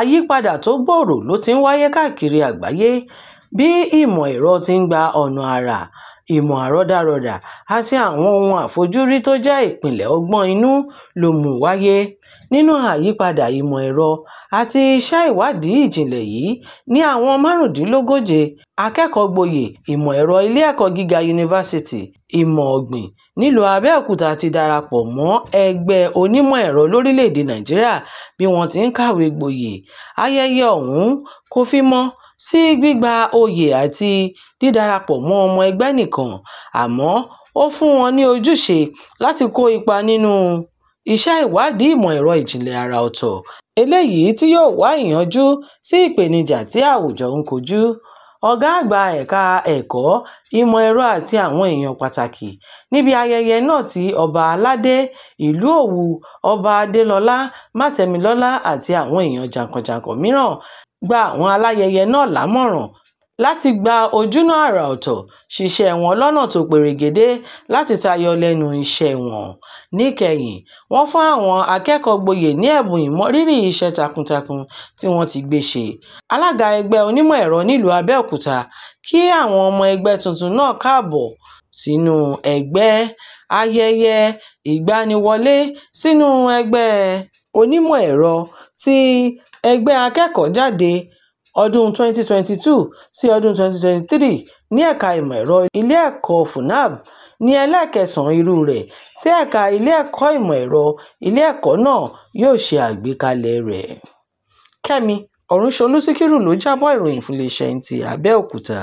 àyípadà tó gbòòrò ló ti ń wáyé káàkiri àgbáyé bí ìmọ̀ ẹ̀rọ ti ń gba ọ̀nà àrà ìmọ̀ àrọ́dàrọdà àti àwọn ohun àfojúrí tó jẹ́ ìpìlẹ̀ ọgbọ́n inú ló mú u wáyé nínú àyípadà ìmọ̀ ẹ̀rọ àti iṣẹ́ ìwádìí ìjìnlẹ̀ yìí ní àwọn márùndínlógóje akẹ́kọ̀ọ́gboyè ìmọ̀ ẹ̀rọ ilé ẹ̀kọ́ gíga yunifásítì ìmọ̀ ọ̀gbìn nílùú Abẹ́òkúta ti darapọ̀ mọ́ ẹgbẹ́ onímọ̀ ẹ̀rọ lórílẹ̀‐èdè Nàìjíríà bí wọ́n ti ń kàwé gboyè ayẹyẹ ọ̀hún kò fi mọ́ sí gbígba oyè àti dídarapọ̀ mọ́ ọmọ ẹgbẹ́ nìkan, àmọ́ ó fún wọn ní ojúṣe láti kó ipa nínú iṣẹ́ ìwádìí ìmọ̀ ẹ̀rọ ìjìnlẹ̀ àrà ọ̀tọ̀, eléyìí tí yóò wá ìyanjú sí ìpèníjà tí àwùjọ ń kojú. Ọ̀gá àgbà ẹ̀ka ẹ̀kọ́, ìmọ̀ ẹ̀rọ àti àwọn èèyàn pàtàkì níbi ayẹyẹ náà tí Ọba aládé ìlú Òwú, Ọba Adélọlá Mátẹmilọ́lá àti àwọn èèyàn jàǹkànjàǹkàn mìíràn gba àwọn aláyẹyẹ náà lámọ̀ràn láti gba ojúnà àrà ọ̀tọ̀ ṣiṣẹ́ wọn lọ́nà tó perégedé láti tayọ lẹ́nu iṣẹ́ wọn. níkẹyìn wọ́n fún àwọn akẹ́kọ̀ọ́-gboyè ní ẹ̀bùn ìmọrírì iṣẹ́ takuntakun tí wọ́n ti gbé ṣe. alága ẹgbẹ́ onímọ̀ ẹ̀rọ nílùú Abẹ́òkúta kí àwọn ọmọ ẹgbẹ́ tuntun náà káàbọ̀ sínú ẹgbẹ́. ayẹyẹ ìgbaniwọlé sínú ẹgbẹ́ onímọ̀ ẹ̀rọ tí ẹgbẹ́ akẹ́kọ̀ọ́-jáde ọdún 2022 sí ọdún 2023 ní Ẹ̀ka Ìmọ̀ Ẹ̀rọ Ilé Ẹ̀kọ́ FUNAAB ní ẹlẹ́ẹ̀kẹsàn-án irúu rẹ̀ tí Ẹ̀ka Ilé Ẹ̀kọ́ Ìmọ̀ Ẹ̀rọ Ilé Ẹ̀kọ́ náà yóò ṣe àgbékalẹ̀ rẹ̀. Kẹ́mi Ọ̀rúnṣolú Síkírù ló jábọ̀ ìròyìn fún iléeṣẹ́ NTA Abẹ́òkúta.